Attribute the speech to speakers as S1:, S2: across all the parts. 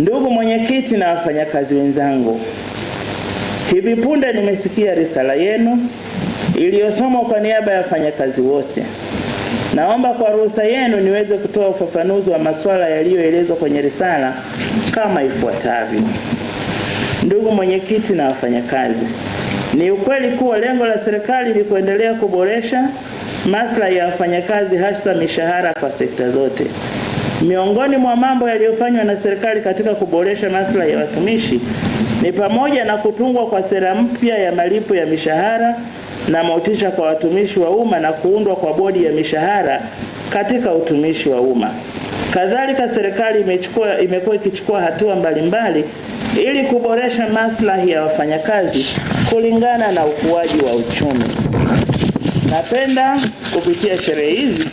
S1: Ndugu mwenyekiti na wafanyakazi wenzangu, hivi punde nimesikia risala yenu iliyosomwa kwa niaba ya wafanyakazi wote. Naomba kwa ruhusa yenu niweze kutoa ufafanuzi wa masuala yaliyoelezwa kwenye risala kama ifuatavyo. Ndugu mwenyekiti na wafanyakazi, ni ukweli kuwa lengo la serikali ni kuendelea kuboresha maslahi ya wafanyakazi, hasa mishahara kwa sekta zote. Miongoni mwa mambo yaliyofanywa na serikali katika kuboresha maslahi ya watumishi ni pamoja na kutungwa kwa sera mpya ya malipo ya mishahara na motisha kwa watumishi wa umma na kuundwa kwa bodi ya mishahara katika utumishi wa umma. Kadhalika, serikali imechukua imekuwa ikichukua hatua mbalimbali ili kuboresha maslahi ya wafanyakazi kulingana na ukuaji wa uchumi. Napenda kupitia sherehe hizi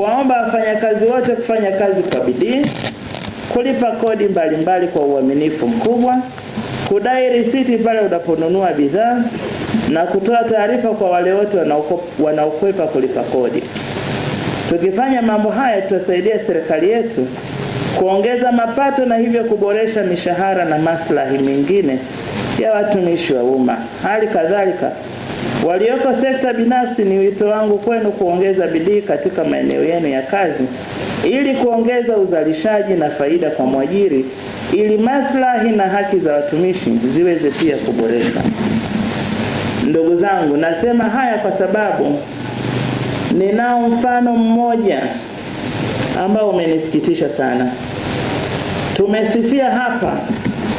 S1: kuwaomba wafanyakazi wote kufanya kazi kwa bidii, kulipa kodi mbalimbali mbali kwa uaminifu mkubwa, kudai risiti pale unaponunua bidhaa na kutoa taarifa kwa wale wote wanaokwepa kulipa kodi. Tukifanya mambo haya, tutasaidia serikali yetu kuongeza mapato na hivyo kuboresha mishahara na maslahi mengine ya watumishi wa umma. Hali kadhalika walioko sekta binafsi, ni wito wangu kwenu kuongeza bidii katika maeneo yenu ya kazi ili kuongeza uzalishaji na faida kwa mwajiri, ili maslahi na haki za watumishi ziweze pia kuboreshwa. Ndugu zangu, nasema haya kwa sababu ninao mfano mmoja ambao umenisikitisha sana. Tumesifia hapa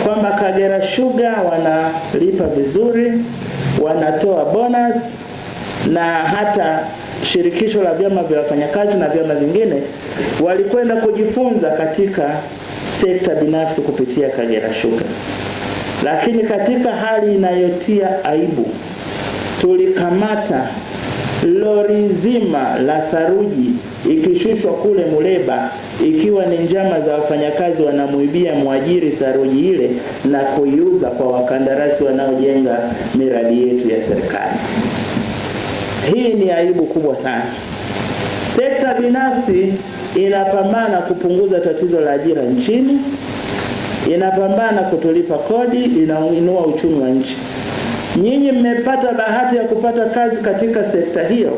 S1: kwamba Kagera Sugar wanalipa vizuri, wanatoa bonus na hata shirikisho la vyama vya wafanyakazi na vyama vingine walikwenda kujifunza katika sekta binafsi kupitia Kagera Sugar. Lakini katika hali inayotia aibu, tulikamata lori zima la saruji ikishushwa kule Muleba ikiwa ni njama za wafanyakazi wanamuibia mwajiri saruji ile na kuiuza kwa wakandarasi wanaojenga miradi yetu ya serikali. Hii ni aibu kubwa sana. Sekta binafsi inapambana kupunguza tatizo la ajira nchini, inapambana kutulipa kodi, inainua uchumi wa nchi. Nyinyi mmepata bahati ya kupata kazi katika sekta hiyo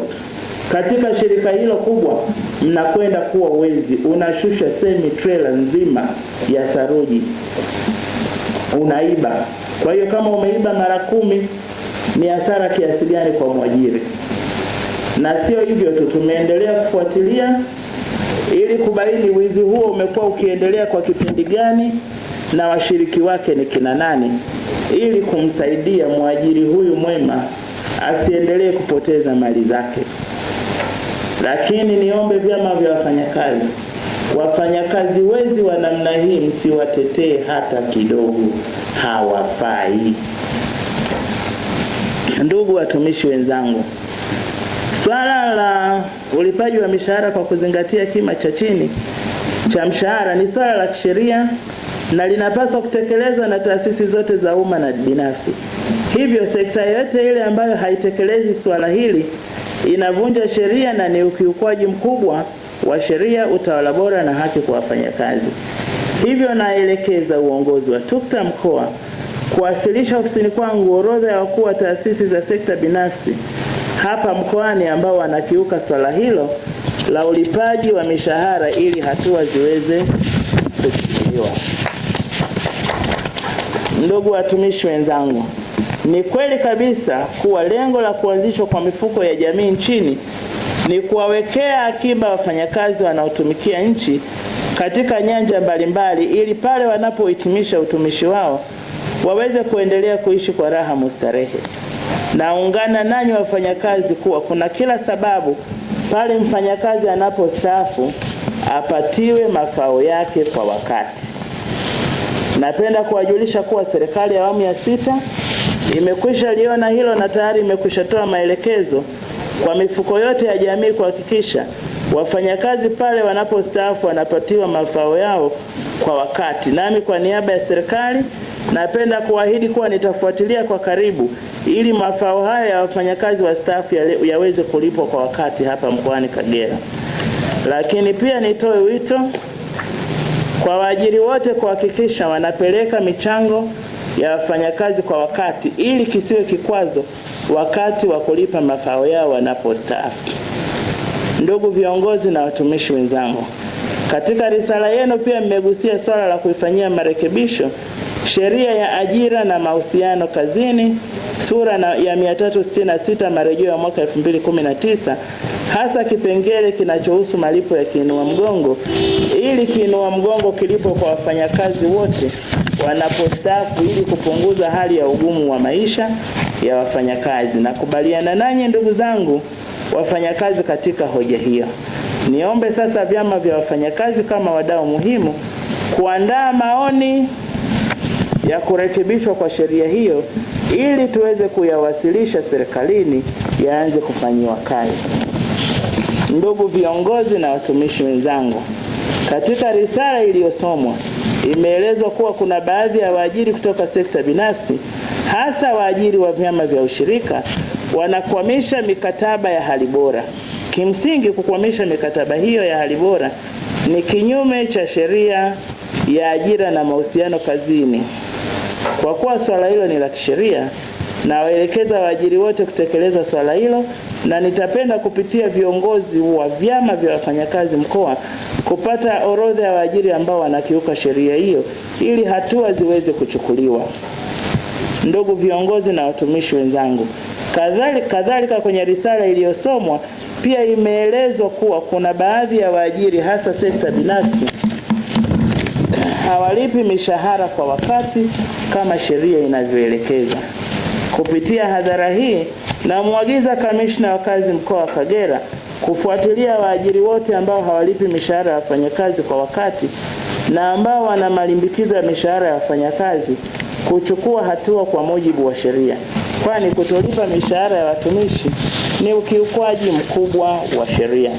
S1: katika shirika hilo kubwa mnakwenda kuwa wezi, unashusha semi trailer nzima ya saruji unaiba. Kwa hiyo kama umeiba mara kumi ni hasara kiasi gani kwa mwajiri? Na sio hivyo tu, tumeendelea kufuatilia ili kubaini wizi huo umekuwa ukiendelea kwa kipindi gani na washiriki wake ni kina nani, ili kumsaidia mwajiri huyu mwema asiendelee kupoteza mali zake. Lakini niombe vyama vya wafanyakazi, wafanyakazi wezi wa namna hii msiwatetee hata kidogo, hawafai. Ndugu watumishi wenzangu, swala la ulipaji wa mishahara kwa kuzingatia kima cha chini cha mshahara ni swala la kisheria na linapaswa kutekelezwa na taasisi zote za umma na binafsi. Hivyo sekta yoyote ile ambayo haitekelezi swala hili inavunja sheria na ni ukiukwaji mkubwa wa sheria, utawala bora na haki kwa wafanyakazi. Hivyo naelekeza uongozi wa TUCTA mkoa kuwasilisha ofisini kwangu orodha ya wakuu wa taasisi za sekta binafsi hapa mkoani ambao wanakiuka swala hilo la ulipaji wa mishahara ili hatua ziweze kuchukuliwa. Ndugu watumishi wenzangu, ni kweli kabisa kuwa lengo la kuanzishwa kwa mifuko ya jamii nchini ni kuwawekea akiba wafanyakazi wanaotumikia nchi katika nyanja mbalimbali ili pale wanapohitimisha utumishi wao waweze kuendelea kuishi kwa raha mustarehe. Naungana nanyi wafanyakazi kuwa kuna kila sababu pale mfanyakazi anapostaafu apatiwe mafao yake kwa wakati. Napenda kuwajulisha kuwa serikali ya awamu ya sita imekwisha liona hilo na tayari imekwisha toa maelekezo kwa mifuko yote ya jamii kuhakikisha wafanyakazi pale wanapostaafu wanapatiwa mafao yao kwa wakati. Nami kwa niaba ya serikali napenda kuahidi kuwa nitafuatilia kwa karibu ili mafao haya ya wafanyakazi wastaafu yaweze kulipwa kwa wakati hapa mkoani Kagera. Lakini pia nitoe wito kwa waajiri wote kuhakikisha wanapeleka michango ya wafanyakazi kwa wakati ili kisiwe kikwazo wakati wa kulipa mafao yao wanapostaafu. Ndugu viongozi na watumishi wenzangu, katika risala yenu pia mmegusia swala la kuifanyia marekebisho sheria ya ajira na mahusiano kazini sura na ya 366 marejeo ya mwaka 2019 hasa kipengele kinachohusu malipo ya kiinua mgongo ili kiinua mgongo kilipo kwa wafanyakazi wote wanapostaafu ili kupunguza hali ya ugumu wa maisha ya wafanyakazi. Nakubaliana nanyi ndugu zangu wafanyakazi katika hoja hiyo. Niombe sasa vyama vya wafanyakazi kama wadau muhimu kuandaa maoni ya kurekebishwa kwa sheria hiyo ili tuweze kuyawasilisha serikalini yaanze kufanyiwa kazi. Ndugu viongozi na watumishi wenzangu, katika risala iliyosomwa Imeelezwa kuwa kuna baadhi ya waajiri kutoka sekta binafsi, hasa waajiri wa vyama vya ushirika, wanakwamisha mikataba ya hali bora. Kimsingi, kukwamisha mikataba hiyo ya hali bora ni kinyume cha sheria ya ajira na mahusiano kazini. Kwa kuwa swala hilo ni la kisheria Nawaelekeza waajiri wote kutekeleza swala hilo, na nitapenda kupitia viongozi wa vyama vya wafanyakazi mkoa kupata orodha ya waajiri ambao wanakiuka sheria hiyo ili hatua ziweze kuchukuliwa. Ndugu viongozi na watumishi wenzangu, kadhalika kadhalika, kwenye risala iliyosomwa pia imeelezwa kuwa kuna baadhi ya waajiri hasa sekta binafsi hawalipi mishahara kwa wakati kama sheria inavyoelekeza. Kupitia hadhara hii, namwagiza kamishna wa kazi mkoa wa Kagera kufuatilia waajiri wote ambao hawalipi mishahara ya wafanyakazi kwa wakati na ambao wana malimbikizo ya mishahara ya wafanyakazi kuchukua hatua kwa mujibu wa sheria, kwani kutolipa mishahara ya watumishi ni ukiukwaji mkubwa wa sheria.